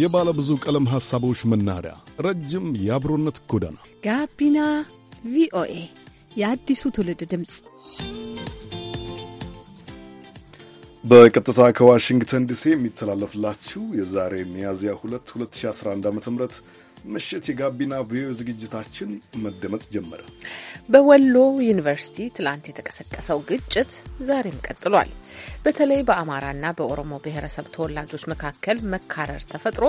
የባለ ብዙ ቀለም ሐሳቦች መናኸሪያ፣ ረጅም የአብሮነት ጎዳና ጋቢና ቪኦኤ የአዲሱ ትውልድ ድምፅ በቀጥታ ከዋሽንግተን ዲሲ የሚተላለፍላችሁ የዛሬ ሚያዝያ 2 2011 ዓ ም ምሽት የጋቢና ቪኦኤ ዝግጅታችን መደመጥ ጀመረ። በወሎ ዩኒቨርሲቲ ትላንት የተቀሰቀሰው ግጭት ዛሬም ቀጥሏል። በተለይ በአማራና በኦሮሞ ብሔረሰብ ተወላጆች መካከል መካረር ተፈጥሮ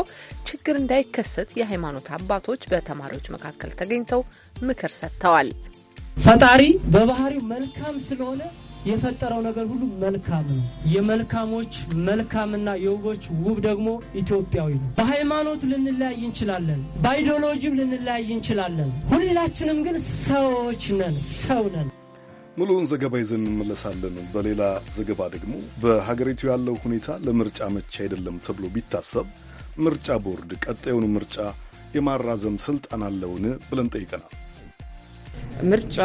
ችግር እንዳይከሰት የሃይማኖት አባቶች በተማሪዎች መካከል ተገኝተው ምክር ሰጥተዋል። ፈጣሪ በባህሪው መልካም ስለሆነ የፈጠረው ነገር ሁሉ መልካም ነው። የመልካሞች መልካምና የውቦች ውብ ደግሞ ኢትዮጵያዊ ነው። በሃይማኖት ልንለያይ እንችላለን፣ በአይዲዮሎጂም ልንለያይ እንችላለን። ሁላችንም ግን ሰዎች ነን፣ ሰው ነን። ሙሉውን ዘገባ ይዘን እንመለሳለን። በሌላ ዘገባ ደግሞ በሀገሪቱ ያለው ሁኔታ ለምርጫ መቼ አይደለም ተብሎ ቢታሰብ ምርጫ ቦርድ ቀጣዩን ምርጫ የማራዘም ስልጣን አለውን ብለን ጠይቀናል። ምርጫ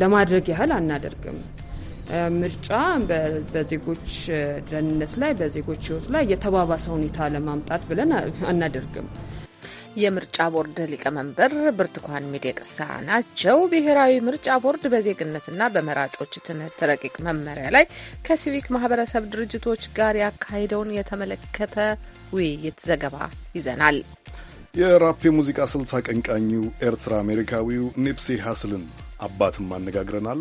ለማድረግ ያህል አናደርግም ምርጫ በዜጎች ደህንነት ላይ በዜጎች ህይወት ላይ የተባባሰ ሁኔታ ለማምጣት ብለን አናደርግም። የምርጫ ቦርድ ሊቀመንበር ብርቱካን ሚደቅሳ ናቸው። ብሔራዊ ምርጫ ቦርድ በዜግነትና በመራጮች ትምህርት ረቂቅ መመሪያ ላይ ከሲቪክ ማህበረሰብ ድርጅቶች ጋር ያካሄደውን የተመለከተ ውይይት ዘገባ ይዘናል። የራፕ የሙዚቃ ስልት አቀንቃኙ ኤርትራ አሜሪካዊው ኒፕሲ ሀስልን አባትም አነጋግረናል።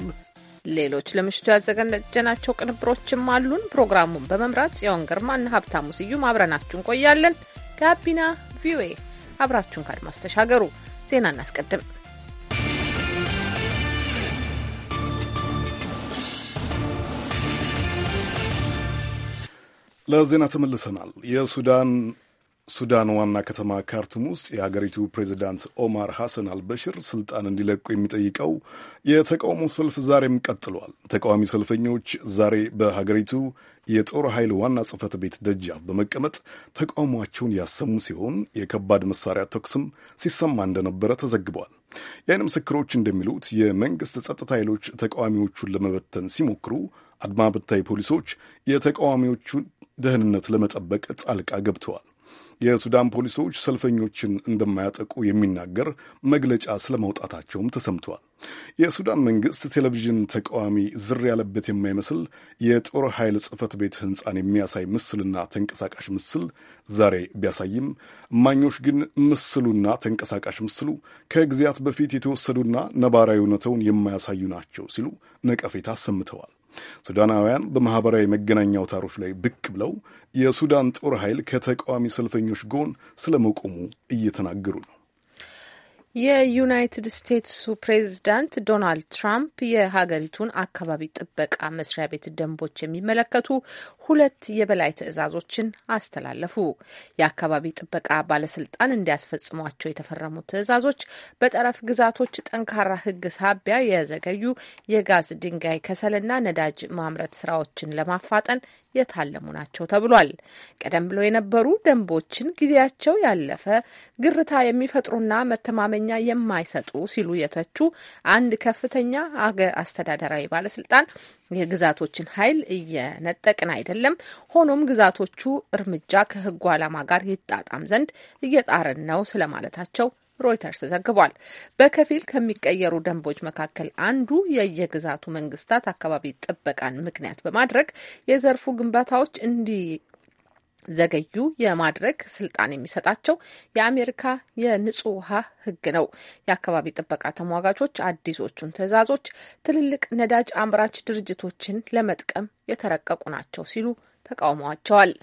ሌሎች ለምሽቱ ያዘጋጀናቸው ቅንብሮችም አሉን። ፕሮግራሙን በመምራት ጽዮን እና ሀብታሙ ስዩም አብረናችሁ እንቆያለን። ጋቢና ቪኦኤ አብራችሁን ካድማስ ተሻገሩ። ዜና እናስቀድም። ለዜና ተመልሰናል። የሱዳን ሱዳን ዋና ከተማ ካርቱም ውስጥ የሀገሪቱ ፕሬዚዳንት ኦማር ሐሰን አልበሽር ስልጣን እንዲለቁ የሚጠይቀው የተቃውሞ ሰልፍ ዛሬም ቀጥሏል። ተቃዋሚ ሰልፈኞች ዛሬ በሀገሪቱ የጦር ኃይል ዋና ጽህፈት ቤት ደጃፍ በመቀመጥ ተቃውሟቸውን ያሰሙ ሲሆን የከባድ መሳሪያ ተኩስም ሲሰማ እንደነበረ ተዘግቧል። የአይን ምስክሮች እንደሚሉት የመንግሥት ጸጥታ ኃይሎች ተቃዋሚዎቹን ለመበተን ሲሞክሩ አድማ በታይ ፖሊሶች የተቃዋሚዎቹን ደህንነት ለመጠበቅ ጣልቃ ገብተዋል። የሱዳን ፖሊሶች ሰልፈኞችን እንደማያጠቁ የሚናገር መግለጫ ስለመውጣታቸውም ተሰምቷል። የሱዳን መንግስት ቴሌቪዥን ተቃዋሚ ዝር ያለበት የማይመስል የጦር ኃይል ጽህፈት ቤት ህንፃን የሚያሳይ ምስልና ተንቀሳቃሽ ምስል ዛሬ ቢያሳይም እማኞች ግን ምስሉና ተንቀሳቃሽ ምስሉ ከጊዜያት በፊት የተወሰዱና ነባራዊ እውነተውን የማያሳዩ ናቸው ሲሉ ነቀፌታ አሰምተዋል። ሱዳናውያን በማኅበራዊ መገናኛ አውታሮች ላይ ብቅ ብለው የሱዳን ጦር ኃይል ከተቃዋሚ ሰልፈኞች ጎን ስለ መቆሙ እየተናገሩ ነው። የዩናይትድ ስቴትሱ ፕሬዚዳንት ዶናልድ ትራምፕ የሀገሪቱን አካባቢ ጥበቃ መስሪያ ቤት ደንቦች የሚመለከቱ ሁለት የበላይ ትዕዛዞችን አስተላለፉ። የአካባቢ ጥበቃ ባለስልጣን እንዲያስፈጽሟቸው የተፈረሙ ትዕዛዞች በጠረፍ ግዛቶች ጠንካራ ሕግ ሳቢያ የዘገዩ የጋዝ ድንጋይ ከሰልና ነዳጅ ማምረት ስራዎችን ለማፋጠን የታለሙ ናቸው ተብሏል። ቀደም ብሎ የነበሩ ደንቦችን ጊዜያቸው ያለፈ ግርታ የሚፈጥሩና መተማመኛ የማይሰጡ ሲሉ የተቹ አንድ ከፍተኛ አገ አስተዳደራዊ ባለስልጣን የግዛቶችን ኃይል እየነጠቅን አይደለም። ሆኖም ግዛቶቹ እርምጃ ከህጉ ዓላማ ጋር ይጣጣም ዘንድ እየጣርን ነው ስለማለታቸው ሮይተርስ ዘግቧል። በከፊል ከሚቀየሩ ደንቦች መካከል አንዱ የየግዛቱ መንግስታት አካባቢ ጥበቃን ምክንያት በማድረግ የዘርፉ ግንባታዎች ዘገዩ የማድረግ ስልጣን የሚሰጣቸው የአሜሪካ የንጹህ ውሃ ህግ ነው። የአካባቢ ጥበቃ ተሟጋቾች አዲሶቹን ትዕዛዞች ትልልቅ ነዳጅ አምራች ድርጅቶችን ለመጥቀም የተረቀቁ ናቸው ሲሉ ተቃውመዋቸዋል።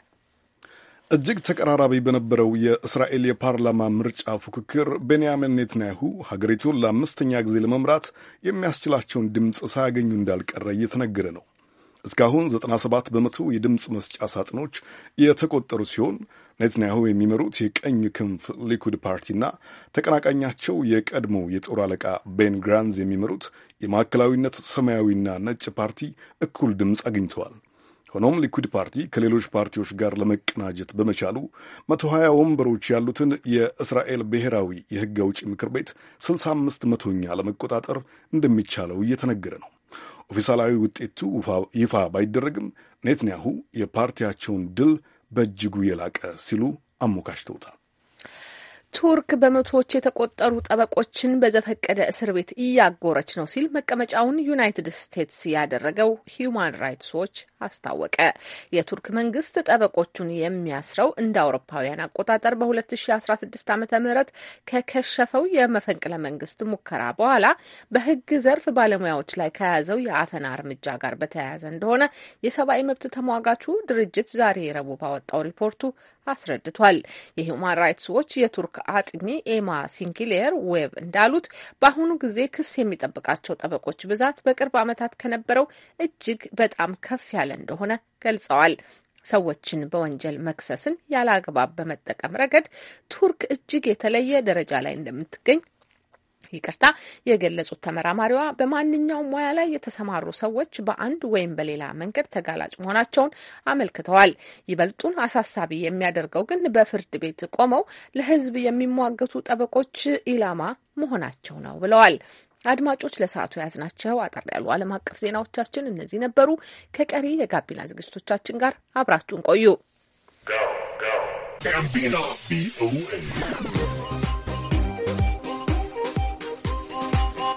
እጅግ ተቀራራቢ በነበረው የእስራኤል የፓርላማ ምርጫ ፉክክር ቤንያሚን ኔትንያሁ ሀገሪቱን ለአምስተኛ ጊዜ ለመምራት የሚያስችላቸውን ድምፅ ሳያገኙ እንዳልቀረ እየተነገረ ነው። እስካሁን 97 በመቶ የድምፅ መስጫ ሳጥኖች የተቆጠሩ ሲሆን ኔትንያሁ የሚመሩት የቀኝ ክንፍ ሊኩድ ፓርቲና ተቀናቃኛቸው የቀድሞ የጦር አለቃ ቤን ግራንዝ የሚመሩት የማዕከላዊነት ሰማያዊና ነጭ ፓርቲ እኩል ድምፅ አግኝተዋል። ሆኖም ሊኩድ ፓርቲ ከሌሎች ፓርቲዎች ጋር ለመቀናጀት በመቻሉ 120 ወንበሮች ያሉትን የእስራኤል ብሔራዊ የሕግ አውጪ ምክር ቤት 65 መቶኛ ለመቆጣጠር እንደሚቻለው እየተነገረ ነው። ኦፊሳላዊ ውጤቱ ይፋ ባይደረግም ኔትንያሁ የፓርቲያቸውን ድል በእጅጉ የላቀ ሲሉ አሞካሽተውታል። ቱርክ በመቶዎች የተቆጠሩ ጠበቆችን በዘፈቀደ እስር ቤት እያጎረች ነው ሲል መቀመጫውን ዩናይትድ ስቴትስ ያደረገው ሂዩማን ራይትስ ዎች አስታወቀ። የቱርክ መንግስት ጠበቆቹን የሚያስረው እንደ አውሮፓውያን አቆጣጠር በ2016 ዓ ም ከከሸፈው የመፈንቅለ መንግስት ሙከራ በኋላ በህግ ዘርፍ ባለሙያዎች ላይ ከያዘው የአፈና እርምጃ ጋር በተያያዘ እንደሆነ የሰብአዊ መብት ተሟጋቹ ድርጅት ዛሬ ረቡዕ ባወጣው ሪፖርቱ አስረድቷል። የሂውማን ራይትስ ዎች የቱርክ አጥኚ ኤማ ሲንክሌር ዌብ እንዳሉት በአሁኑ ጊዜ ክስ የሚጠብቃቸው ጠበቆች ብዛት በቅርብ ዓመታት ከነበረው እጅግ በጣም ከፍ ያለ እንደሆነ ገልጸዋል። ሰዎችን በወንጀል መክሰስን ያለ አግባብ በመጠቀም ረገድ ቱርክ እጅግ የተለየ ደረጃ ላይ እንደምትገኝ ይቅርታ የገለጹት ተመራማሪዋ በማንኛውም ሙያ ላይ የተሰማሩ ሰዎች በአንድ ወይም በሌላ መንገድ ተጋላጭ መሆናቸውን አመልክተዋል። ይበልጡን አሳሳቢ የሚያደርገው ግን በፍርድ ቤት ቆመው ለሕዝብ የሚሟገቱ ጠበቆች ኢላማ መሆናቸው ነው ብለዋል። አድማጮች ለሰዓቱ የያዝናቸው አጠር ያሉ ዓለም አቀፍ ዜናዎቻችን እነዚህ ነበሩ። ከቀሪ የጋቢና ዝግጅቶቻችን ጋር አብራችሁን ቆዩ።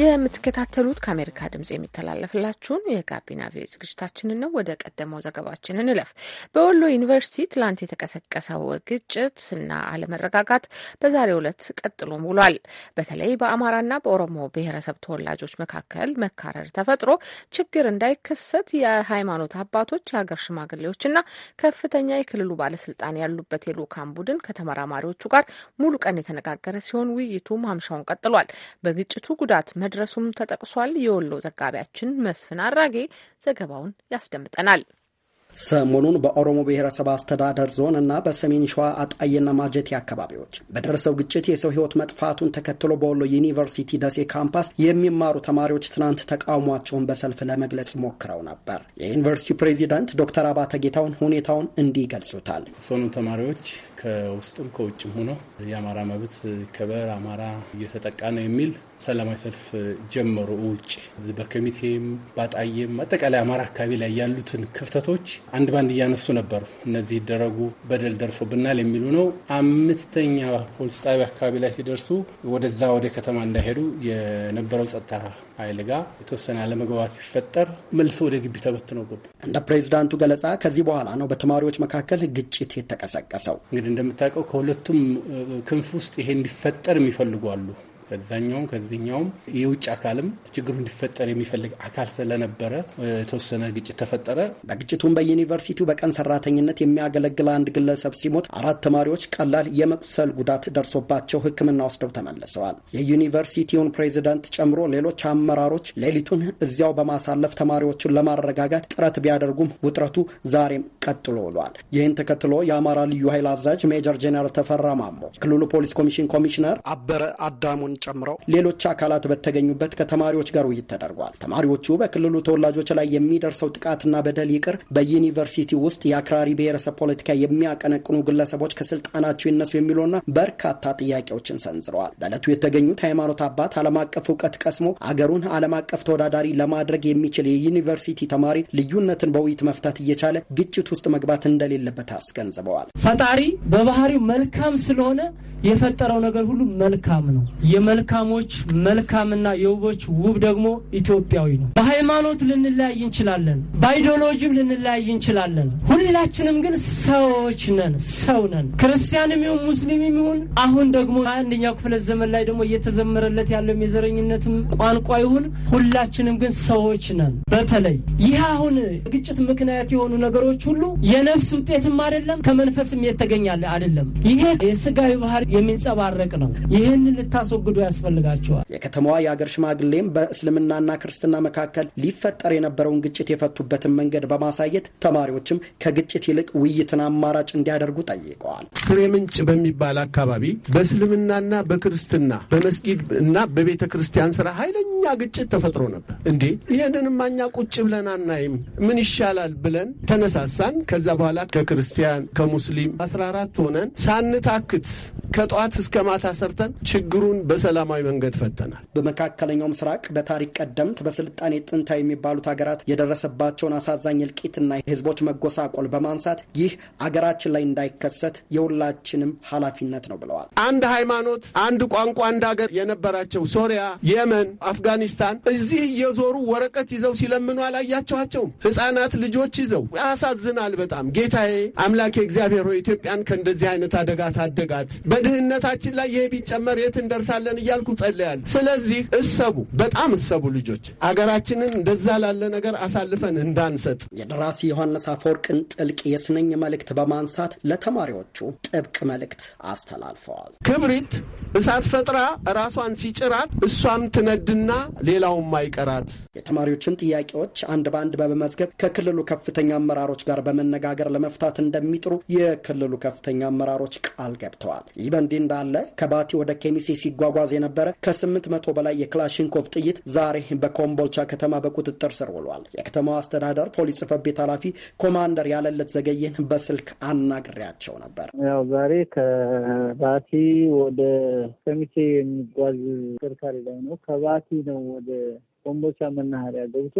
የምትከታተሉት ከአሜሪካ ድምጽ የሚተላለፍላችሁን የጋቢና ቪ ዝግጅታችንን ነው። ወደ ቀደመው ዘገባችን እንለፍ። በወሎ ዩኒቨርሲቲ ትላንት የተቀሰቀሰው ግጭትና አለመረጋጋት በዛሬው ዕለት ቀጥሎ ውሏል። በተለይ በአማራና በኦሮሞ ብሔረሰብ ተወላጆች መካከል መካረር ተፈጥሮ ችግር እንዳይከሰት የሃይማኖት አባቶች፣ የሀገር ሽማግሌዎችና ከፍተኛ የክልሉ ባለስልጣን ያሉበት የልኡካን ቡድን ከተመራማሪዎቹ ጋር ሙሉ ቀን የተነጋገረ ሲሆን ውይይቱ ማምሻውን ቀጥሏል። በግጭቱ ጉዳት መድረሱም ተጠቅሷል። የወሎ ዘጋቢያችን መስፍን አራጌ ዘገባውን ያስደምጠናል። ሰሞኑን በኦሮሞ ብሔረሰብ አስተዳደር ዞን እና በሰሜን ሸዋ አጣዬና ማጀቴ አካባቢዎች በደረሰው ግጭት የሰው ሕይወት መጥፋቱን ተከትሎ በወሎ ዩኒቨርሲቲ ደሴ ካምፓስ የሚማሩ ተማሪዎች ትናንት ተቃውሟቸውን በሰልፍ ለመግለጽ ሞክረው ነበር። የዩኒቨርሲቲ ፕሬዚዳንት ዶክተር አባተ ጌታውን ሁኔታውን እንዲህ ይገልጹታል። ሰኑ ተማሪዎች ከውስጥም ከውጭም ሆኖ የአማራ መብት ይከበር፣ አማራ እየተጠቃ ነው የሚል ሰላማዊ ሰልፍ ጀመሩ። ውጭ በኮሚቴም በአጣዬም አጠቃላይ አማራ አካባቢ ላይ ያሉትን ክፍተቶች አንድ ባንድ እያነሱ ነበሩ። እነዚህ ይደረጉ በደል ደርሶብናል የሚሉ ነው። አምስተኛ ፖሊስ ጣቢያ አካባቢ ላይ ሲደርሱ ወደዛ ወደ ከተማ እንዳይሄዱ የነበረው ጸጥታ ኃይል ጋር የተወሰነ አለመግባባት ሲፈጠር መልሶ ወደ ግቢ ተበትነው ገቡ። እንደ ፕሬዚዳንቱ ገለጻ ከዚህ በኋላ ነው በተማሪዎች መካከል ግጭት የተቀሰቀሰው። እንግዲህ እንደምታውቀው ከሁለቱም ክንፍ ውስጥ ይሄ እንዲፈጠር የሚፈልጉ አሉ። ከዛኛውም ከዚኛውም የውጭ አካልም ችግሩ እንዲፈጠር የሚፈልግ አካል ስለነበረ የተወሰነ ግጭት ተፈጠረ። በግጭቱም በዩኒቨርሲቲው በቀን ሰራተኝነት የሚያገለግል አንድ ግለሰብ ሲሞት አራት ተማሪዎች ቀላል የመቁሰል ጉዳት ደርሶባቸው ሕክምና ወስደው ተመልሰዋል። የዩኒቨርሲቲውን ፕሬዚዳንት ጨምሮ ሌሎች አመራሮች ሌሊቱን እዚያው በማሳለፍ ተማሪዎቹን ለማረጋጋት ጥረት ቢያደርጉም ውጥረቱ ዛሬም ቀጥሎ ውሏል። ይህን ተከትሎ የአማራ ልዩ ኃይል አዛዥ ሜጀር ጄኔራል ተፈራ ማሞ፣ ክልሉ ፖሊስ ኮሚሽን ኮሚሽነር አበረ አዳሙን ጨምሮ ሌሎች አካላት በተገኙበት ከተማሪዎች ጋር ውይይት ተደርጓል። ተማሪዎቹ በክልሉ ተወላጆች ላይ የሚደርሰው ጥቃትና በደል ይቅር፣ በዩኒቨርሲቲ ውስጥ የአክራሪ ብሔረሰብ ፖለቲካ የሚያቀነቅኑ ግለሰቦች ከስልጣናቸው ይነሱ የሚሉና በርካታ ጥያቄዎችን ሰንዝረዋል። በእለቱ የተገኙት ሃይማኖት አባት ዓለም አቀፍ እውቀት ቀስሞ አገሩን ዓለም አቀፍ ተወዳዳሪ ለማድረግ የሚችል የዩኒቨርሲቲ ተማሪ ልዩነትን በውይይት መፍታት እየቻለ ግጭት ውስጥ መግባት እንደሌለበት አስገንዝበዋል። ፈጣሪ በባህሪው መልካም ስለሆነ የፈጠረው ነገር ሁሉ መልካም ነው። የመልካሞች መልካምና የውቦች ውብ ደግሞ ኢትዮጵያዊ ነው። በሃይማኖት ልንለያይ እንችላለን፣ በአይዲዮሎጂም ልንለያይ እንችላለን። ሁላችንም ግን ሰዎች ነን፣ ሰው ነን። ክርስቲያንም ይሁን ሙስሊምም ይሁን አሁን ደግሞ አንደኛው ክፍለ ዘመን ላይ ደግሞ እየተዘመረለት ያለው የዘረኝነትም ቋንቋ ይሁን ሁላችንም ግን ሰዎች ነን። በተለይ ይህ አሁን ግጭት ምክንያት የሆኑ ነገሮች ሁሉ የነፍስ ውጤትም አይደለም ከመንፈስም የተገኛለ አይደለም። ይሄ የስጋዊ ባህር የሚንጸባረቅ ነው። ይህን ልታስወግዱ ልምዱ ያስፈልጋቸዋል። የከተማዋ የአገር ሽማግሌም በእስልምናና ክርስትና መካከል ሊፈጠር የነበረውን ግጭት የፈቱበትን መንገድ በማሳየት ተማሪዎችም ከግጭት ይልቅ ውይይትን አማራጭ እንዲያደርጉ ጠይቀዋል። ስሬ ምንጭ በሚባል አካባቢ በእስልምናና በክርስትና በመስጊድ እና በቤተ ክርስቲያን ስራ ኃይለኛ ግጭት ተፈጥሮ ነበር። እንዴ ይህንንማ እኛ ቁጭ ብለን አናይም፣ ምን ይሻላል ብለን ተነሳሳን። ከዛ በኋላ ከክርስቲያን ከሙስሊም አስራ አራት ሆነን ሳንታክት ከጠዋት እስከ ማታ ሰርተን ችግሩን በሰ በሰላማዊ መንገድ ፈተናል። በመካከለኛው ምስራቅ በታሪክ ቀደምት በስልጣኔ ጥንታዊ የሚባሉት ሀገራት የደረሰባቸውን አሳዛኝ እልቂትና የህዝቦች መጎሳቆል በማንሳት ይህ አገራችን ላይ እንዳይከሰት የሁላችንም ኃላፊነት ነው ብለዋል። አንድ ሃይማኖት፣ አንድ ቋንቋ፣ አንድ ሀገር የነበራቸው ሶሪያ፣ የመን፣ አፍጋኒስታን እዚህ እየዞሩ ወረቀት ይዘው ሲለምኑ አላያቸኋቸውም። ህጻናት ልጆች ይዘው ያሳዝናል በጣም ጌታዬ አምላኬ እግዚአብሔር ሆይ ኢትዮጵያን ከእንደዚህ አይነት አደጋ ታደጋት። በድህነታችን ላይ ይሄ ቢጨመር የት እንደርሳለን አሜን እያልኩ ጸልያለሁ። ስለዚህ እሰቡ፣ በጣም እሰቡ ልጆች፣ አገራችንን እንደዛ ላለ ነገር አሳልፈን እንዳንሰጥ። የደራሲ ዮሐንስ አፈወርቅን ጥልቅ የስነኝ መልእክት በማንሳት ለተማሪዎቹ ጥብቅ መልእክት አስተላልፈዋል። ክብሪት እሳት ፈጥራ ራሷን ሲጭራት እሷም ትነድና ሌላውም አይቀራት። የተማሪዎችን ጥያቄዎች አንድ በአንድ በመመዝገብ ከክልሉ ከፍተኛ አመራሮች ጋር በመነጋገር ለመፍታት እንደሚጥሩ የክልሉ ከፍተኛ አመራሮች ቃል ገብተዋል። ይህ በእንዲህ እንዳለ ከባቲ ወደ ኬሚሴ ሲጓጓዝ ሲጓዝ የነበረ ከስምንት መቶ በላይ የክላሽንኮቭ ጥይት ዛሬ በኮምቦልቻ ከተማ በቁጥጥር ስር ውሏል። የከተማው አስተዳደር ፖሊስ ጽፈት ቤት ኃላፊ ኮማንደር ያለለት ዘገየን በስልክ አናግሬያቸው ነበር። ያው ዛሬ ከባቲ ወደ ከሚሴ የሚጓዝ ተሽከርካሪ ላይ ነው። ከባቲ ነው ወደ ኮምቦልቻ መናኸሪያ ገብቶ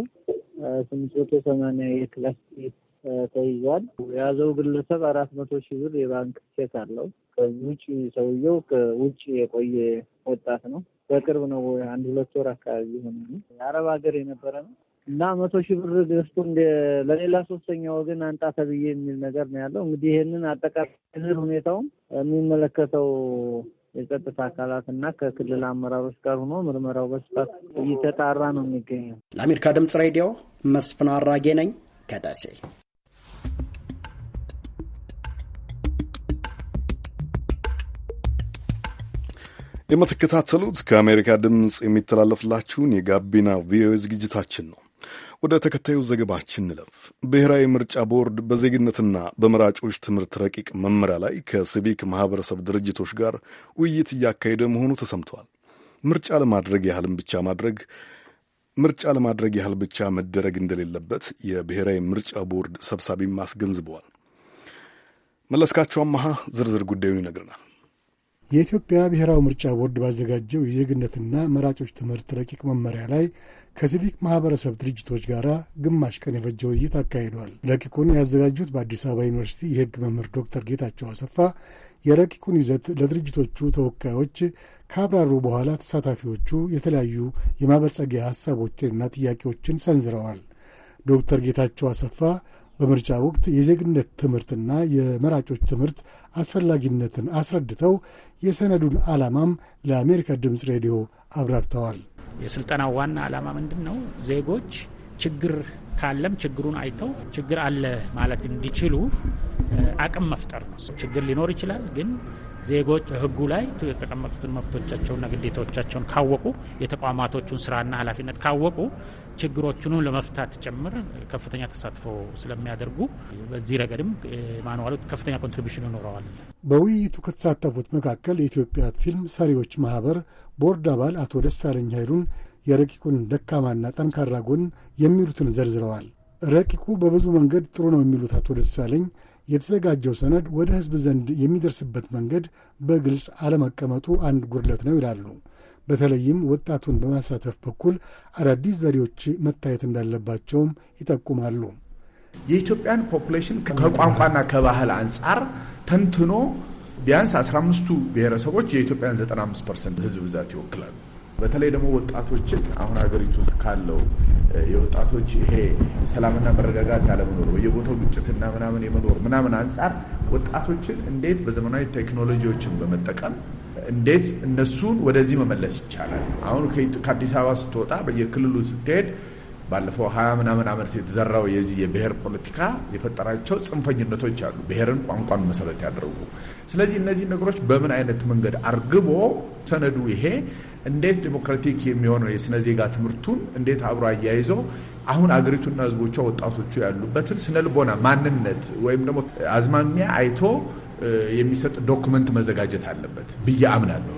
ስምንት መቶ ሰማንያ የክላሽ ጥይት ተይዟል። የያዘው ግለሰብ አራት መቶ ሺህ ብር የባንክ ቼክ አለው። ከዚህ ውጭ ሰውየው ከውጭ የቆየ ወጣት ነው። በቅርብ ነው፣ አንድ ሁለት ወር አካባቢ ሆነ። የአረብ ሀገር የነበረ ነው እና መቶ ሺህ ብር ገዝቶ ለሌላ ሶስተኛ ወገን አንጣ ተብዬ የሚል ነገር ነው ያለው። እንግዲህ ይህንን አጠቃላይ ሁኔታውም የሚመለከተው የጸጥታ አካላት እና ከክልል አመራሮች ጋር ሆኖ ምርመራው በስፋት እየተጣራ ነው የሚገኘው። ለአሜሪካ ድምጽ ሬዲዮ መስፍን አራጌ ነኝ ከደሴ። የምትከታተሉት ከአሜሪካ ድምፅ የሚተላለፍላችሁን የጋቢና ቪኦኤ ዝግጅታችን ነው። ወደ ተከታዩ ዘገባችን እንለፍ። ብሔራዊ ምርጫ ቦርድ በዜግነትና በመራጮች ትምህርት ረቂቅ መመሪያ ላይ ከሲቪክ ማህበረሰብ ድርጅቶች ጋር ውይይት እያካሄደ መሆኑ ተሰምተዋል። ምርጫ ለማድረግ ያህልም ብቻ ማድረግ ምርጫ ለማድረግ ያህል ብቻ መደረግ እንደሌለበት የብሔራዊ ምርጫ ቦርድ ሰብሳቢም አስገንዝበዋል። መለስካቸው አመሃ ዝርዝር ጉዳዩን ይነግረናል። የኢትዮጵያ ብሔራዊ ምርጫ ቦርድ ባዘጋጀው የዜግነትና መራጮች ትምህርት ረቂቅ መመሪያ ላይ ከሲቪክ ማህበረሰብ ድርጅቶች ጋር ግማሽ ቀን የፈጀ ውይይት አካሂዷል። ረቂቁን ያዘጋጁት በአዲስ አበባ ዩኒቨርሲቲ የሕግ መምህር ዶክተር ጌታቸው አሰፋ የረቂቁን ይዘት ለድርጅቶቹ ተወካዮች ካብራሩ በኋላ ተሳታፊዎቹ የተለያዩ የማበልጸጊያ ሀሳቦችንና ጥያቄዎችን ሰንዝረዋል። ዶክተር ጌታቸው አሰፋ በምርጫ ወቅት የዜግነት ትምህርትና የመራጮች ትምህርት አስፈላጊነትን አስረድተው የሰነዱን ዓላማም ለአሜሪካ ድምፅ ሬዲዮ አብራርተዋል። የስልጠናው ዋና ዓላማ ምንድን ነው? ዜጎች ችግር ካለም ችግሩን አይተው ችግር አለ ማለት እንዲችሉ አቅም መፍጠር ነው። ችግር ሊኖር ይችላል ግን ዜጎች በህጉ ላይ የተቀመጡትን መብቶቻቸውና ግዴታዎቻቸውን ካወቁ የተቋማቶቹን ስራና ኃላፊነት ካወቁ ችግሮቹንም ለመፍታት ጭምር ከፍተኛ ተሳትፎ ስለሚያደርጉ በዚህ ረገድም ማኑዋሉ ከፍተኛ ኮንትሪቢሽን ይኖረዋል። በውይይቱ ከተሳተፉት መካከል የኢትዮጵያ ፊልም ሰሪዎች ማህበር ቦርድ አባል አቶ ደሳለኝ ኃይሉን የረቂቁን ደካማና ጠንካራ ጎን የሚሉትን ዘርዝረዋል። ረቂቁ በብዙ መንገድ ጥሩ ነው የሚሉት አቶ ደሳለኝ የተዘጋጀው ሰነድ ወደ ሕዝብ ዘንድ የሚደርስበት መንገድ በግልጽ አለመቀመጡ አንድ ጉድለት ነው ይላሉ። በተለይም ወጣቱን በማሳተፍ በኩል አዳዲስ ዘዴዎች መታየት እንዳለባቸውም ይጠቁማሉ። የኢትዮጵያን ፖፑሌሽን ከቋንቋና ከባህል አንጻር ተንትኖ ቢያንስ 15ቱ ብሔረሰቦች የኢትዮጵያን 95 ፐርሰንት ሕዝብ ብዛት ይወክላሉ። በተለይ ደግሞ ወጣቶችን አሁን ሀገሪቱ ውስጥ ካለው የወጣቶች ይሄ ሰላምና መረጋጋት ያለመኖር በየቦታው ግጭትና ምናምን የመኖር ምናምን አንጻር ወጣቶችን እንዴት በዘመናዊ ቴክኖሎጂዎችን በመጠቀም እንዴት እነሱን ወደዚህ መመለስ ይቻላል። አሁን ከአዲስ አበባ ስትወጣ በየክልሉ ስትሄድ ባለፈው ሀያ ምናምን ዓመት የተዘራው የዚህ የብሔር ፖለቲካ የፈጠራቸው ጽንፈኝነቶች አሉ፣ ብሔርን፣ ቋንቋን መሰረት ያደረጉ። ስለዚህ እነዚህ ነገሮች በምን አይነት መንገድ አርግቦ ሰነዱ ይሄ እንዴት ዲሞክራቲክ የሚሆነው የስነ ዜጋ ትምህርቱን እንዴት አብሮ አያይዞ አሁን አገሪቱና ህዝቦቿ ወጣቶቹ ያሉበትን ስነ ልቦና ማንነት ወይም ደግሞ አዝማሚያ አይቶ የሚሰጥ ዶክመንት መዘጋጀት አለበት ብዬ አምናለሁ።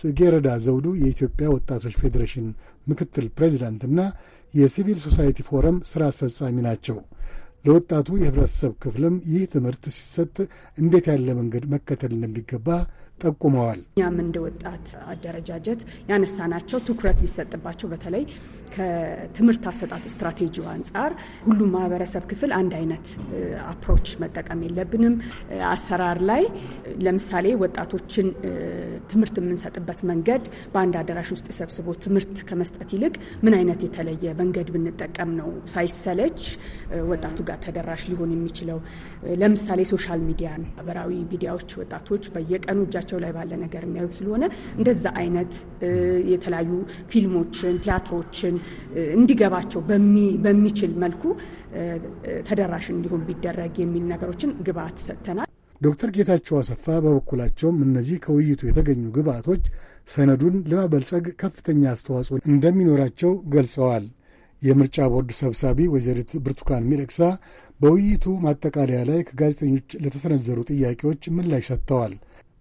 ጽጌረዳ ዘውዱ የኢትዮጵያ ወጣቶች ፌዴሬሽን ምክትል ፕሬዚዳንትና የሲቪል ሶሳይቲ ፎረም ሥራ አስፈጻሚ ናቸው። ለወጣቱ የህብረተሰብ ክፍልም ይህ ትምህርት ሲሰጥ እንዴት ያለ መንገድ መከተል እንደሚገባ ጠቁመዋል። እኛም እንደ ወጣት አደረጃጀት ያነሳናቸው ትኩረት ሊሰጥባቸው በተለይ ከትምህርት አሰጣጥ ስትራቴጂው አንጻር ሁሉም ማህበረሰብ ክፍል አንድ አይነት አፕሮች መጠቀም የለብንም። አሰራር ላይ ለምሳሌ ወጣቶችን ትምህርት የምንሰጥበት መንገድ በአንድ አዳራሽ ውስጥ ሰብስቦ ትምህርት ከመስጠት ይልቅ ምን አይነት የተለየ መንገድ ብንጠቀም ነው ሳይሰለች ወጣቱ ጋር ተደራሽ ሊሆን የሚችለው? ለምሳሌ ሶሻል ሚዲያን፣ ማህበራዊ ሚዲያዎች ወጣቶች በየቀኑ እጃቸው ላይ ባለ ነገር የሚያዩት ስለሆነ እንደዛ አይነት የተለያዩ ፊልሞችን፣ ቲያትሮችን እንዲገባቸው በሚችል መልኩ ተደራሽ እንዲሆን ቢደረግ የሚል ነገሮችን ግብአት ሰጥተናል። ዶክተር ጌታቸው አሰፋ በበኩላቸውም እነዚህ ከውይይቱ የተገኙ ግብአቶች ሰነዱን ለማበልጸግ ከፍተኛ አስተዋጽኦ እንደሚኖራቸው ገልጸዋል። የምርጫ ቦርድ ሰብሳቢ ወይዘሪት ብርቱካን ሚደቅሳ በውይይቱ ማጠቃለያ ላይ ከጋዜጠኞች ለተሰነዘሩ ጥያቄዎች ምላሽ ሰጥተዋል።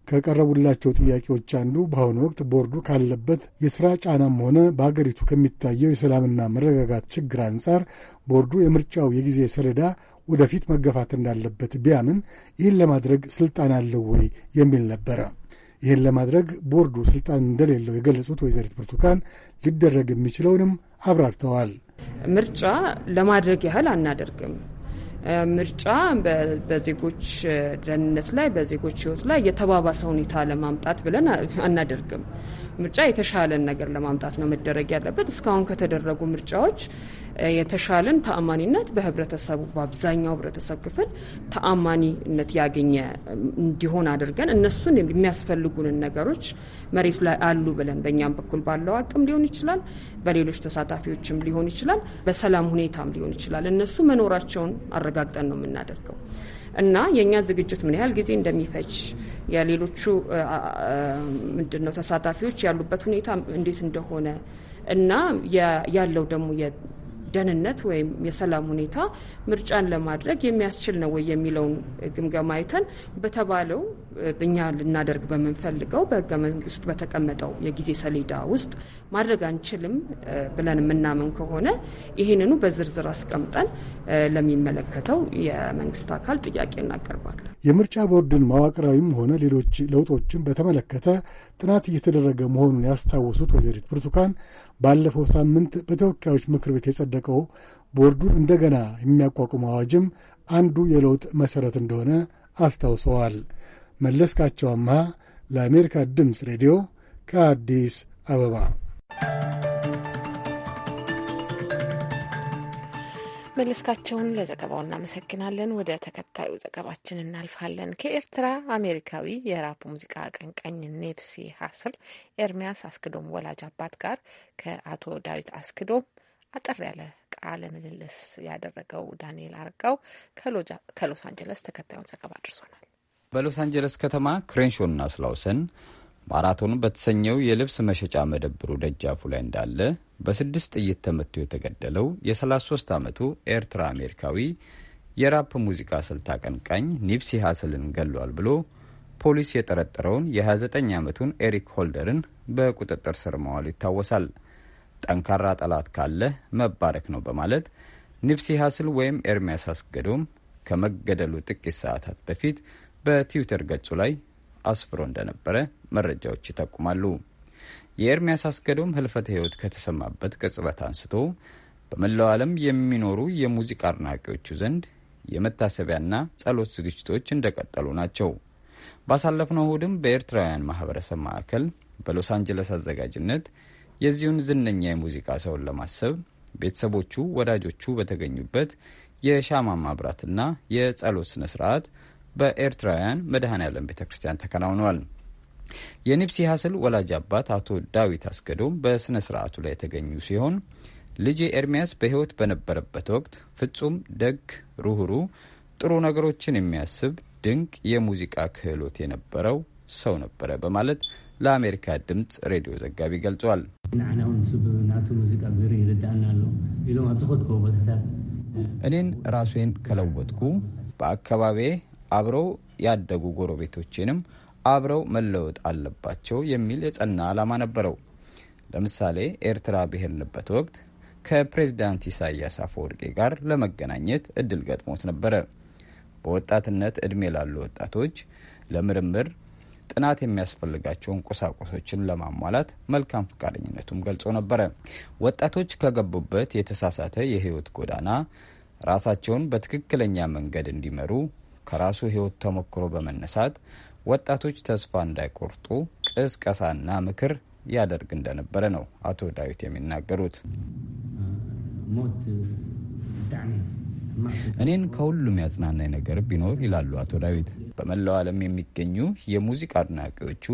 ከቀረቡላቸው ጥያቄዎች አንዱ በአሁኑ ወቅት ቦርዱ ካለበት የሥራ ጫናም ሆነ በአገሪቱ ከሚታየው የሰላምና መረጋጋት ችግር አንጻር ቦርዱ የምርጫው የጊዜ ሰሌዳ ወደፊት መገፋት እንዳለበት ቢያምን ይህን ለማድረግ ስልጣን አለው ወይ የሚል ነበረ። ይህን ለማድረግ ቦርዱ ስልጣን እንደሌለው የገለጹት ወይዘሪት ብርቱካን ሊደረግ የሚችለውንም አብራርተዋል። ምርጫ ለማድረግ ያህል አናደርግም። ምርጫ በዜጎች ደህንነት ላይ በዜጎች ህይወት ላይ የተባባሰ ሁኔታ ለማምጣት ብለን አናደርግም። ምርጫ የተሻለን ነገር ለማምጣት ነው መደረግ ያለበት። እስካሁን ከተደረጉ ምርጫዎች የተሻለን ተአማኒነት በህብረተሰቡ በአብዛኛው ህብረተሰብ ክፍል ተአማኒነት ያገኘ እንዲሆን አድርገን እነሱን የሚያስፈልጉንን ነገሮች መሬት ላይ አሉ ብለን በእኛም በኩል ባለው አቅም ሊሆን ይችላል፣ በሌሎች ተሳታፊዎችም ሊሆን ይችላል፣ በሰላም ሁኔታም ሊሆን ይችላል። እነሱ መኖራቸውን አረጋግጠን ነው የምናደርገው። እና የእኛ ዝግጅት ምን ያህል ጊዜ እንደሚፈጅ የሌሎቹ ምንድን ነው ተሳታፊዎች ያሉበት ሁኔታ እንዴት እንደሆነ እና ያለው ደግሞ ደህንነት ወይም የሰላም ሁኔታ ምርጫን ለማድረግ የሚያስችል ነው ወይ የሚለውን ግምገማ አይተን በተባለው እኛ ልናደርግ በምንፈልገው በህገ መንግስቱ በተቀመጠው የጊዜ ሰሌዳ ውስጥ ማድረግ አንችልም ብለን የምናምን ከሆነ ይህንኑ በዝርዝር አስቀምጠን ለሚመለከተው የመንግስት አካል ጥያቄ እናቀርባለን። የምርጫ ቦርድን መዋቅራዊም ሆነ ሌሎች ለውጦችን በተመለከተ ጥናት እየተደረገ መሆኑን ያስታወሱት ወይዘሪት ብርቱካን ባለፈው ሳምንት በተወካዮች ምክር ቤት የጸደቀው ቦርዱ እንደገና የሚያቋቁም አዋጅም አንዱ የለውጥ መሠረት እንደሆነ አስታውሰዋል። መለስካቸው አምሃ ለአሜሪካ ድምፅ ሬዲዮ ከአዲስ አበባ መለስካቸውን ለዘገባው እናመሰግናለን። ወደ ተከታዩ ዘገባችን እናልፋለን። ከኤርትራ አሜሪካዊ የራፕ ሙዚቃ አቀንቃኝ ኔፕሲ ሀስል ኤርሚያስ አስክዶም ወላጅ አባት ጋር ከአቶ ዳዊት አስክዶም አጠር ያለ ቃለ ምልልስ ያደረገው ዳንኤል አርጋው ከሎስ አንጀለስ ተከታዩን ዘገባ አድርሶናል። በሎስ አንጀለስ ከተማ ክሬንሾና ስላውሰን ማራቶን በተሰኘው የልብስ መሸጫ መደብሩ ደጃፉ ላይ እንዳለ በስድስት ጥይት ተመቶ የተገደለው የ33 ዓመቱ ኤርትራ አሜሪካዊ የራፕ ሙዚቃ ስልት አቀንቃኝ ኒፕሲ ሀስልን ገሏል ብሎ ፖሊስ የጠረጠረውን የ29 ዓመቱን ኤሪክ ሆልደርን በቁጥጥር ስር መዋሉ ይታወሳል። ጠንካራ ጠላት ካለ መባረክ ነው በማለት ኒፕሲ ሀስል ወይም ኤርሚያስ አስገዶም ከመገደሉ ጥቂት ሰዓታት በፊት በትዊተር ገጹ ላይ አስፍሮ እንደነበረ መረጃዎች ይጠቁማሉ። የኤርሚያስ አስገዶም ህልፈተ ህይወት ከተሰማበት ቅጽበት አንስቶ በመላው ዓለም የሚኖሩ የሙዚቃ አድናቂዎቹ ዘንድ የመታሰቢያና ጸሎት ዝግጅቶች እንደቀጠሉ ናቸው። ባሳለፍነው እሁድም በኤርትራውያን ማህበረሰብ ማዕከል በሎስ አንጀለስ አዘጋጅነት የዚሁን ዝነኛ የሙዚቃ ሰውን ለማሰብ ቤተሰቦቹ፣ ወዳጆቹ በተገኙበት የሻማ ማብራትና የጸሎት ስነ ስርዓት በኤርትራውያን መድኃኔ ዓለም ቤተ ክርስቲያን ተከናውኗል። የኒፕሲ ሀስል ወላጅ አባት አቶ ዳዊት አስገዶም በሥነ ሥርዓቱ ላይ የተገኙ ሲሆን ልጅ ኤርሚያስ በሕይወት በነበረበት ወቅት ፍጹም ደግ፣ ሩህሩ፣ ጥሩ ነገሮችን የሚያስብ ድንቅ የሙዚቃ ክህሎት የነበረው ሰው ነበረ በማለት ለአሜሪካ ድምፅ ሬዲዮ ዘጋቢ ገልጿል። እኔን ራሴን ከለወጥኩ በአካባቢዬ አብረው ያደጉ ጎረቤቶችንም አብረው መለወጥ አለባቸው የሚል የጸና ዓላማ ነበረው። ለምሳሌ ኤርትራ ብሄርንበት ወቅት ከፕሬዚዳንት ኢሳያስ አፈወርቂ ጋር ለመገናኘት እድል ገጥሞት ነበረ። በወጣትነት እድሜ ላሉ ወጣቶች ለምርምር ጥናት የሚያስፈልጋቸውን ቁሳቁሶችን ለማሟላት መልካም ፈቃደኝነቱም ገልጾ ነበረ። ወጣቶች ከገቡበት የተሳሳተ የህይወት ጎዳና ራሳቸውን በትክክለኛ መንገድ እንዲመሩ ከራሱ ህይወት ተሞክሮ በመነሳት ወጣቶች ተስፋ እንዳይቆርጡ ቅስቀሳና ምክር ያደርግ እንደነበረ ነው አቶ ዳዊት የሚናገሩት። እኔን ከሁሉም ያጽናናኝ ነገር ቢኖር ይላሉ አቶ ዳዊት በመላው ዓለም የሚገኙ የሙዚቃ አድናቂዎቹ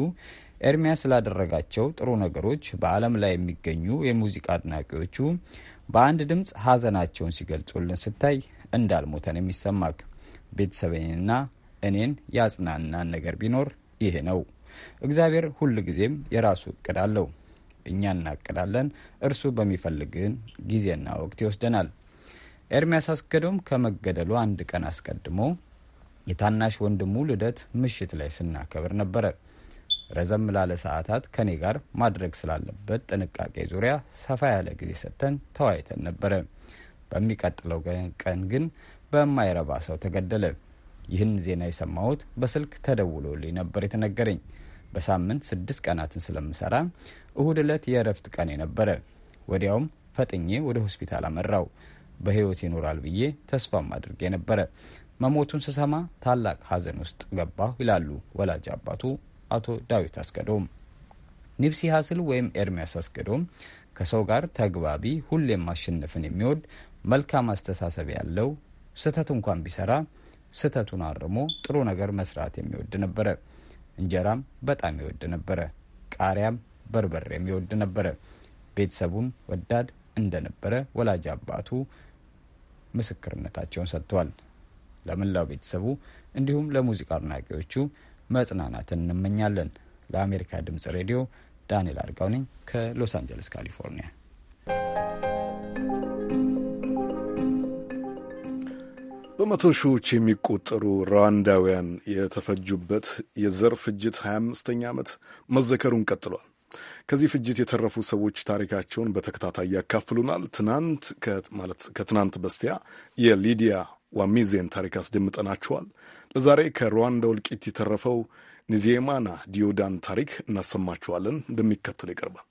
ኤርሚያ ስላደረጋቸው ጥሩ ነገሮች በዓለም ላይ የሚገኙ የሙዚቃ አድናቂዎቹ በአንድ ድምፅ ሀዘናቸውን ሲገልጹልን ስታይ እንዳልሞተን የሚሰማክ ቤተሰቤንና እኔን ያጽናናን ነገር ቢኖር ይሄ ነው። እግዚአብሔር ሁል ጊዜም የራሱ እቅድ አለው። እኛ እናቅዳለን፣ እርሱ በሚፈልግን ጊዜና ወቅት ይወስደናል። ኤርሚያስ አስገዶም ከመገደሉ አንድ ቀን አስቀድሞ የታናሽ ወንድሙ ልደት ምሽት ላይ ስናከብር ነበረ። ረዘም ላለ ሰዓታት ከኔ ጋር ማድረግ ስላለበት ጥንቃቄ ዙሪያ ሰፋ ያለ ጊዜ ሰጥተን ተወያይተን ነበረ። በሚቀጥለው ቀን ግን በማይረባ ሰው ተገደለ። ይህን ዜና የሰማሁት በስልክ ተደውሎልኝ ነበር የተነገረኝ። በሳምንት ስድስት ቀናትን ስለምሰራ እሁድ ዕለት የእረፍት ቀኔ ነበረ። ወዲያውም ፈጥኜ ወደ ሆስፒታል አመራው። በህይወት ይኖራል ብዬ ተስፋም አድርጌ ነበረ። መሞቱን ስሰማ ታላቅ ሐዘን ውስጥ ገባሁ ይላሉ ወላጅ አባቱ አቶ ዳዊት አስገዶም። ኒብሲ ሀስል ወይም ኤርሚያስ አስገዶም ከሰው ጋር ተግባቢ፣ ሁሌም ማሸነፍን የሚወድ መልካም አስተሳሰብ ያለው ስህተት እንኳን ቢሰራ ስህተቱን አርሞ ጥሩ ነገር መስራት የሚወድ ነበረ። እንጀራም በጣም ይወድ ነበረ። ቃሪያም በርበሬም ይወድ ነበረ። ቤተሰቡን ወዳድ እንደነበረ ወላጅ አባቱ ምስክርነታቸውን ሰጥቷል። ለመላው ቤተሰቡ እንዲሁም ለሙዚቃ አድናቂዎቹ መጽናናትን እንመኛለን። ለአሜሪካ ድምጽ ሬዲዮ ዳንኤል አርጋው ነኝ ከሎስ አንጀለስ ካሊፎርኒያ። በመቶ ሺዎች የሚቆጠሩ ሩዋንዳውያን የተፈጁበት የዘር ፍጅት 25ኛ ዓመት መዘከሩን ቀጥሏል። ከዚህ ፍጅት የተረፉ ሰዎች ታሪካቸውን በተከታታይ ያካፍሉናል። ትናንት ማለት ከትናንት በስቲያ የሊዲያ ዋሚዜን ታሪክ አስደምጠናችኋል። ለዛሬ ከሩዋንዳ እልቂት የተረፈው ኒዜማና ዲዮዳን ታሪክ እናሰማችኋለን። እንደሚከተሉ ይቀርባል።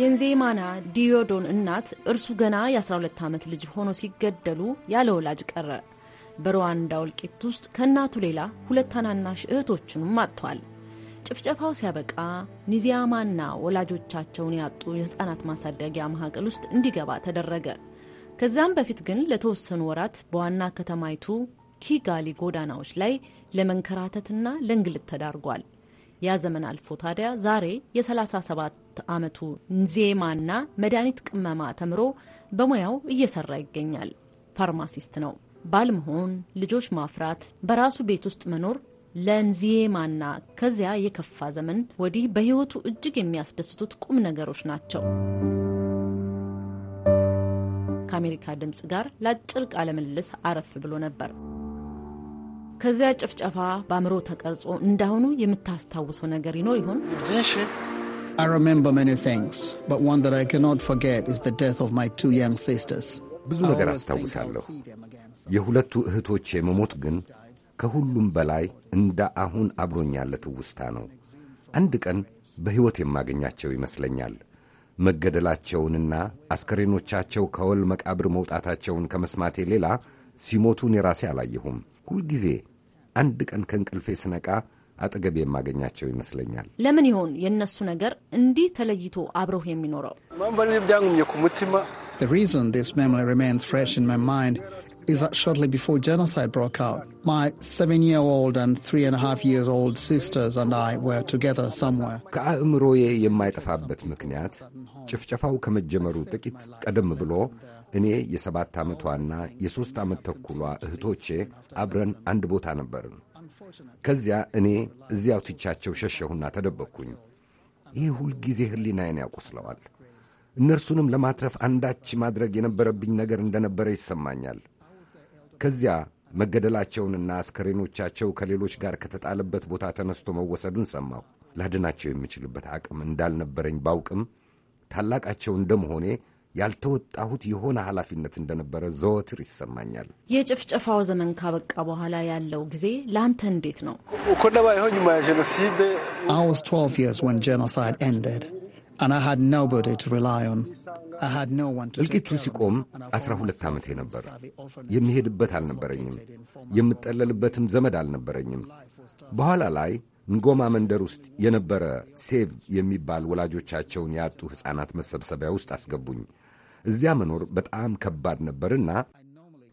የንዜማና ዲዮዶን እናት እርሱ ገና የ12 ዓመት ልጅ ሆኖ ሲገደሉ ያለ ወላጅ ቀረ። በሩዋንዳ እልቂት ውስጥ ከእናቱ ሌላ ሁለት ታናናሽ እህቶቹንም አጥቷል። ጭፍጨፋው ሲያበቃ ኒዚያማና ወላጆቻቸውን ያጡ የሕፃናት ማሳደጊያ ማዕከል ውስጥ እንዲገባ ተደረገ። ከዚያም በፊት ግን ለተወሰኑ ወራት በዋና ከተማይቱ ኪጋሊ ጎዳናዎች ላይ ለመንከራተትና ለእንግልት ተዳርጓል። ያ ዘመን አልፎ ታዲያ ዛሬ የ37 ዓመቱ ዜማና መድኃኒት ቅመማ ተምሮ በሙያው እየሰራ ይገኛል። ፋርማሲስት ነው። ባል መሆን፣ ልጆች ማፍራት፣ በራሱ ቤት ውስጥ መኖር ለንዚማና ከዚያ የከፋ ዘመን ወዲህ በሕይወቱ እጅግ የሚያስደስቱት ቁም ነገሮች ናቸው። ከአሜሪካ ድምፅ ጋር ለአጭር ቃለ ምልልስ አረፍ ብሎ ነበር። ከዚያ ጭፍጨፋ በአእምሮ ተቀርጾ እንዳሁኑ የምታስታውሰው ነገር ይኖር ይሆን? I remember many things, but one that I cannot forget is the death of my two young sisters. ብዙ ነገር አስታውሳለሁ። የሁለቱ እህቶች የመሞት ግን ከሁሉም በላይ እንደ አሁን አብሮኝ ያለ ትውስታ ነው። አንድ ቀን በሕይወት የማገኛቸው ይመስለኛል። መገደላቸውንና አስከሬኖቻቸው ከወል መቃብር መውጣታቸውን ከመስማቴ ሌላ ሲሞቱን የራሴ አላየሁም። ሁልጊዜ አንድ ቀን ከእንቅልፌ ስነቃ አጠገብ የማገኛቸው ይመስለኛል። ለምን ይሆን የእነሱ ነገር እንዲህ ተለይቶ አብረው የሚኖረው? The reason this memory remains fresh in my mind is that shortly before genocide broke out, my seven-year-old and three-and-a-half-years-old sisters and I were together somewhere. ከአእምሮዬ የማይጠፋበት ምክንያት ጭፍጨፋው ከመጀመሩ ጥቂት ቀደም ብሎ እኔ የሰባት ዓመቷና የሦስት ዓመት ተኩሏ እህቶቼ አብረን አንድ ቦታ ነበርን። ከዚያ እኔ እዚያው ትቻቸው ሸሸሁና ተደበቅኩኝ። ይህ ሁልጊዜ ሕሊናዬን ያቆስለዋል። እነርሱንም ለማትረፍ አንዳች ማድረግ የነበረብኝ ነገር እንደነበረ ይሰማኛል። ከዚያ መገደላቸውንና አስከሬኖቻቸው ከሌሎች ጋር ከተጣለበት ቦታ ተነስቶ መወሰዱን ሰማሁ። ላድናቸው የምችልበት አቅም እንዳልነበረኝ ባውቅም ታላቃቸው እንደመሆኔ ያልተወጣሁት የሆነ ኃላፊነት እንደነበረ ዘወትር ይሰማኛል። የጭፍጨፋው ዘመን ካበቃ በኋላ ያለው ጊዜ ለአንተ እንዴት ነው? እልቂቱ ሲቆም ዐሥራ ሁለት ዓመቴ ነበር። የሚሄድበት አልነበረኝም። የምጠለልበትም ዘመድ አልነበረኝም። በኋላ ላይ ንጎማ መንደር ውስጥ የነበረ ሴቭ የሚባል ወላጆቻቸውን ያጡ ሕፃናት መሰብሰቢያ ውስጥ አስገቡኝ። እዚያ መኖር በጣም ከባድ ነበርና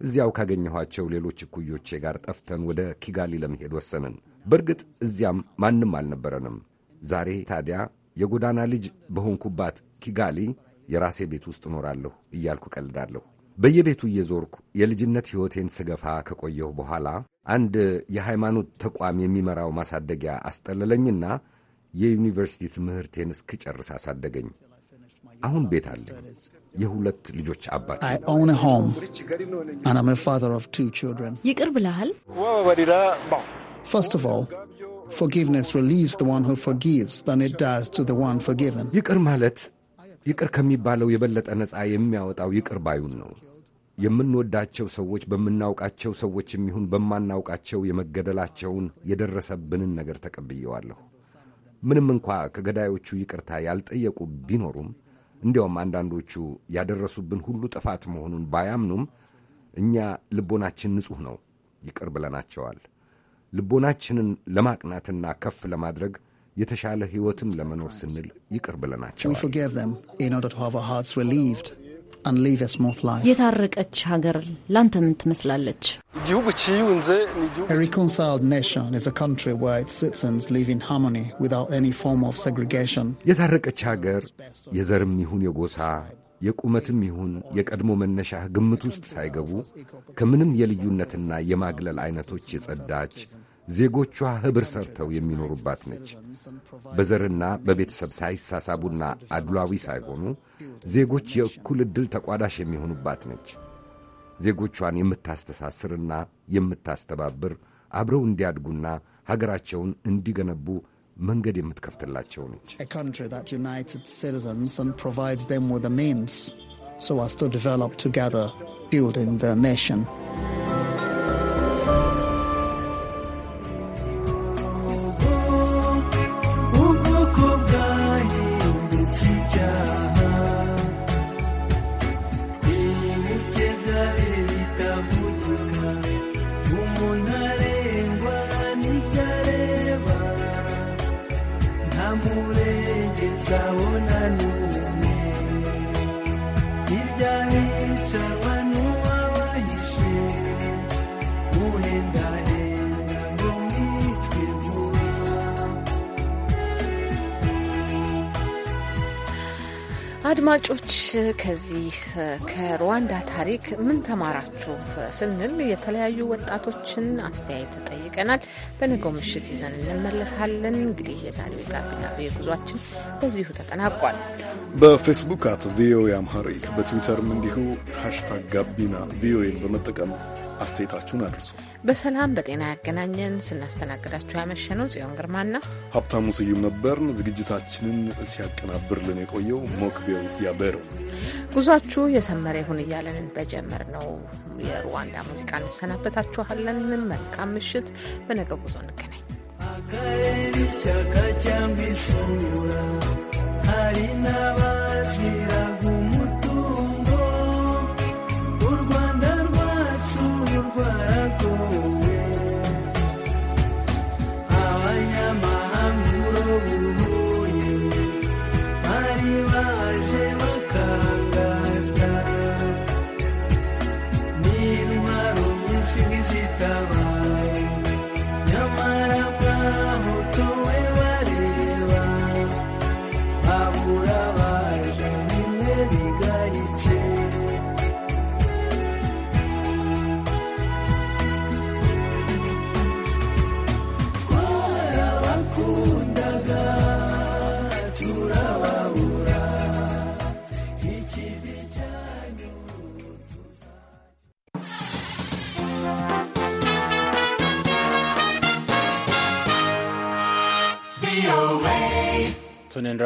እዚያው ካገኘኋቸው ሌሎች እኩዮቼ ጋር ጠፍተን ወደ ኪጋሊ ለመሄድ ወሰንን። በእርግጥ እዚያም ማንም አልነበረንም። ዛሬ ታዲያ የጎዳና ልጅ በሆንኩባት ኪጋሊ የራሴ ቤት ውስጥ እኖራለሁ እያልኩ ቀልዳለሁ። በየቤቱ እየዞርኩ የልጅነት ሕይወቴን ስገፋ ከቆየሁ በኋላ አንድ የሃይማኖት ተቋም የሚመራው ማሳደጊያ አስጠለለኝና የዩኒቨርሲቲ ትምህርቴን እስክጨርስ አሳደገኝ። አሁን ቤት አለ። የሁለት ልጆች አባት ይቅር ብለሃል። ይቅር ማለት ይቅር ከሚባለው የበለጠ ነፃ የሚያወጣው ይቅር ባዩን ነው። የምንወዳቸው ሰዎች በምናውቃቸው ሰዎች የሚሆን በማናውቃቸው የመገደላቸውን የደረሰብንን ነገር ተቀብየዋለሁ። ምንም እንኳ ከገዳዮቹ ይቅርታ ያልጠየቁ ቢኖሩም እንዲያውም አንዳንዶቹ ያደረሱብን ሁሉ ጥፋት መሆኑን ባያምኑም እኛ ልቦናችን ንጹሕ ነው፣ ይቅር ብለናቸዋል። ልቦናችንን ለማቅናትና ከፍ ለማድረግ የተሻለ ሕይወትም ለመኖር ስንል ይቅር ብለናቸዋል። የታረቀች ሀገር ላንተ ምን ትመስላለች? የታረቀች ሀገር የዘርም ይሁን የጎሳ የቁመትም ይሁን የቀድሞ መነሻ ግምት ውስጥ ሳይገቡ ከምንም የልዩነትና የማግለል አይነቶች የጸዳች ዜጎቿ ኅብር ሰርተው የሚኖሩባት ነች። በዘርና በቤተሰብ ሳይሳሳቡና አድሏዊ ሳይሆኑ ዜጎች የእኩል ዕድል ተቋዳሽ የሚሆኑባት ነች። ዜጎቿን የምታስተሳስርና የምታስተባብር አብረው እንዲያድጉና ሀገራቸውን እንዲገነቡ መንገድ የምትከፍትላቸው ነች። So as to develop together, building their nation. አድማጮች ከዚህ ከሩዋንዳ ታሪክ ምን ተማራችሁ ስንል የተለያዩ ወጣቶችን አስተያየት ጠይቀናል። በነገው ምሽት ይዘን እንመለሳለን። እንግዲህ የዛሬው ጋቢና ቪኦኤ ጉዟችን በዚሁ ተጠናቋል። በፌስቡክ አት ቪኦኤ አምሃሪክ በትዊተርም እንዲሁ ሃሽታግ ጋቢና ቪኦኤን በመጠቀም አስተያየታችሁን አድርሱ። በሰላም በጤና ያገናኘን። ስናስተናግዳችሁ ያመሸነው ጽዮን ግርማና ሀብታሙ ስዩም ነበርን። ዝግጅታችንን ሲያቀናብርልን የቆየው ሞክቤል ያበሩ። ጉዟችሁ የሰመረ ይሁን እያለንን ነው የሩዋንዳ ሙዚቃ እንሰናበታችኋለን። መልካም ምሽት። በነገ ጉዞ እንገናኝ። Shaka jambi sura harina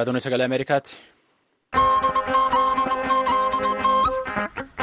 Radunisse Kalemeerikaati.